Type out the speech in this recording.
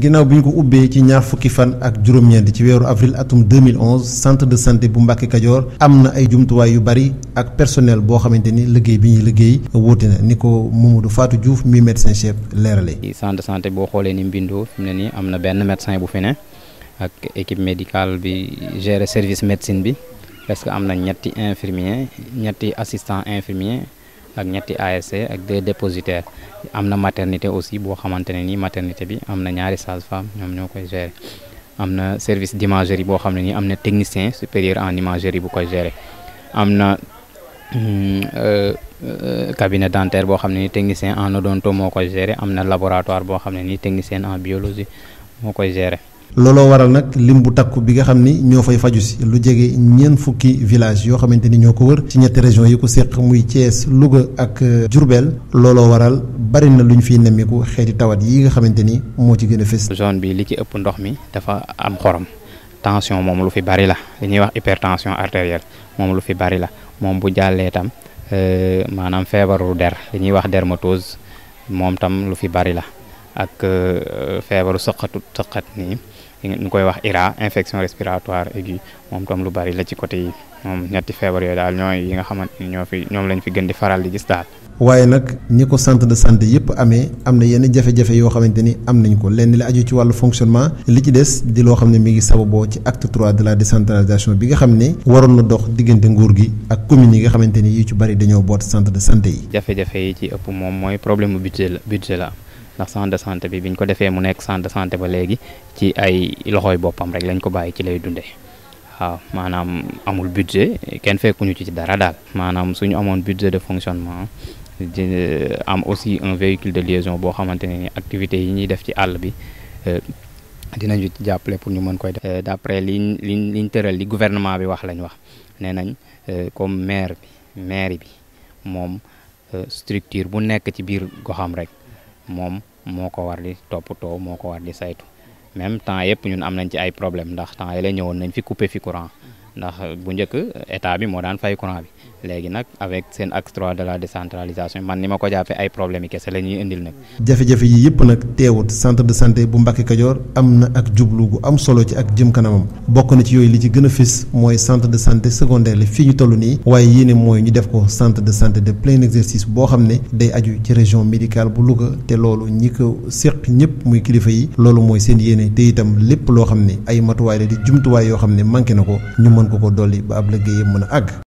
ginnaaw bi ko ubbee ci ñaar fukki fan ak juróom-ñeent ci weeru avril atum 2011 centre de santé bu Mbàkke Kajoor am na ay jumtuwaay yu bari ak personnel boo xamante ni liggéey bi ñuy liggéey wuute na ni ko Mamadou Fatou Diouf mi médecin chef leerale centre de santé boo xoolee ni mbindoo fi mu ne nii am na benn médecin bu fi ne ak équipe médicale bi gérer service médecine bi parce que am na ñetti infirmier ñetti assistant infirmier ak ñetti ASC ak deux dépositaires am na maternité aussi boo xamante ne nii maternité bi am na ñaari sage-femme ñoom ñoo koy gérer am na service d'imagerie boo xam ne nii am na technicien supérieur en imagerie bu koy gérer am na hmm, euh, cabinet dentaire boo xam ne nii technicien en odonto moo koy gérer am na laboratoire boo xam ne nii technicien en biologie moo koy gérer. looloo waral nag lim bu takku bi nga xam ni ñoo fay faju si lu jege ñeent fukki village yoo xamante ni ñoo ko wër ci ñetti région yi ko séq muy Thiès Louga ak euh, Diourbel looloo waral bari na lu ñu fiy nemmiku xeeti tawat yi nga xamante ni moo ci gën a fës. zone bi li ci ëpp ndox mi dafa am xorom tension moom lu fi bari la li ñuy wax hypertension artérielle moom lu fi bari la moom bu jàllee tam euh, maanaam feebaru der li ñuy wax dermatose moom tam lu fi bari la. ak euh, feebaru soqatu soqat nii ñu koy wax IRA infection respiratoire aiguë moom tam lu bari la ci côté yi moom ñetti feebar yooyu daal ñooy yi nga xamante ni ñoo fi ñoom lañu fi gën di faral di gis daal. waaye nag ñi ko centre de santé yëpp amee am na yenn jafe-jafe yoo xamante ni am nañ ko lenn li aju ci wàllu fonctionnement li ci des di loo xam ne mi ngi sababoo ci acte trois de la décentralisation bi nga xam ne waroon na dox diggante nguur gi ak communes yi nga xamante ni yu ci bari dañoo boot centre de santé yi. jafe yi ci ëpp moom mooy problème mu budget la budget la ndax centre de santé bi biñ ko defee mu nekk centre de santé ba léegi ci ay loxoy boppam rek lañ ko bàyyi ci lay dundee waaw maanaam amul budget kenn fekkuñu ci ci dara daal maanaam suñu amoon budget de fonctionnement di euh, am aussi un véhicule de liaison boo xamante ne ni activités yi ñuy def ci àll bi euh, dinañu ci jàppale pour ñu mën koy def euh, d'après liñ liñ liñ tëral li gouvernement bi wax lañ wax nee nañ comme maire bi maire bi moom structure bu nekk ci biir goxam rek moom moo ko war di toppatoo moo ko war di saytu même temps yëpp ñun am nañ ci ay problème ndax temps yële ñëwoon nañ fi coupé fi courant ndax bu njëkk état bi moo daan fay courant bi léegi nag avec seen acte trois de la décentralisation man ni ma ko jàppee ay problème yi kese la ñuy indil nag. jafe-jafe yi yëpp nag teewut centre de santé bu Mbacke Kajoor am na ak jublu bu am solo ci ak jëm kanamam bokk na ci yooyu li ci gën a mooy centre de santé secondaire li fi ñu toll nii waaye yéene mooy ñu def ko centre de santé de plein exercice boo xam ne day aju ci région médicale bu Louga te loolu ñi ko séq ñëpp muy kilifa yi loolu mooy seen yéene lépp loo xam ne ay matuwaay la di jumtuwaay yoo xam ne manqué na ko ñu mën ko ko dolli ba ab liggéeyam mën a àgg.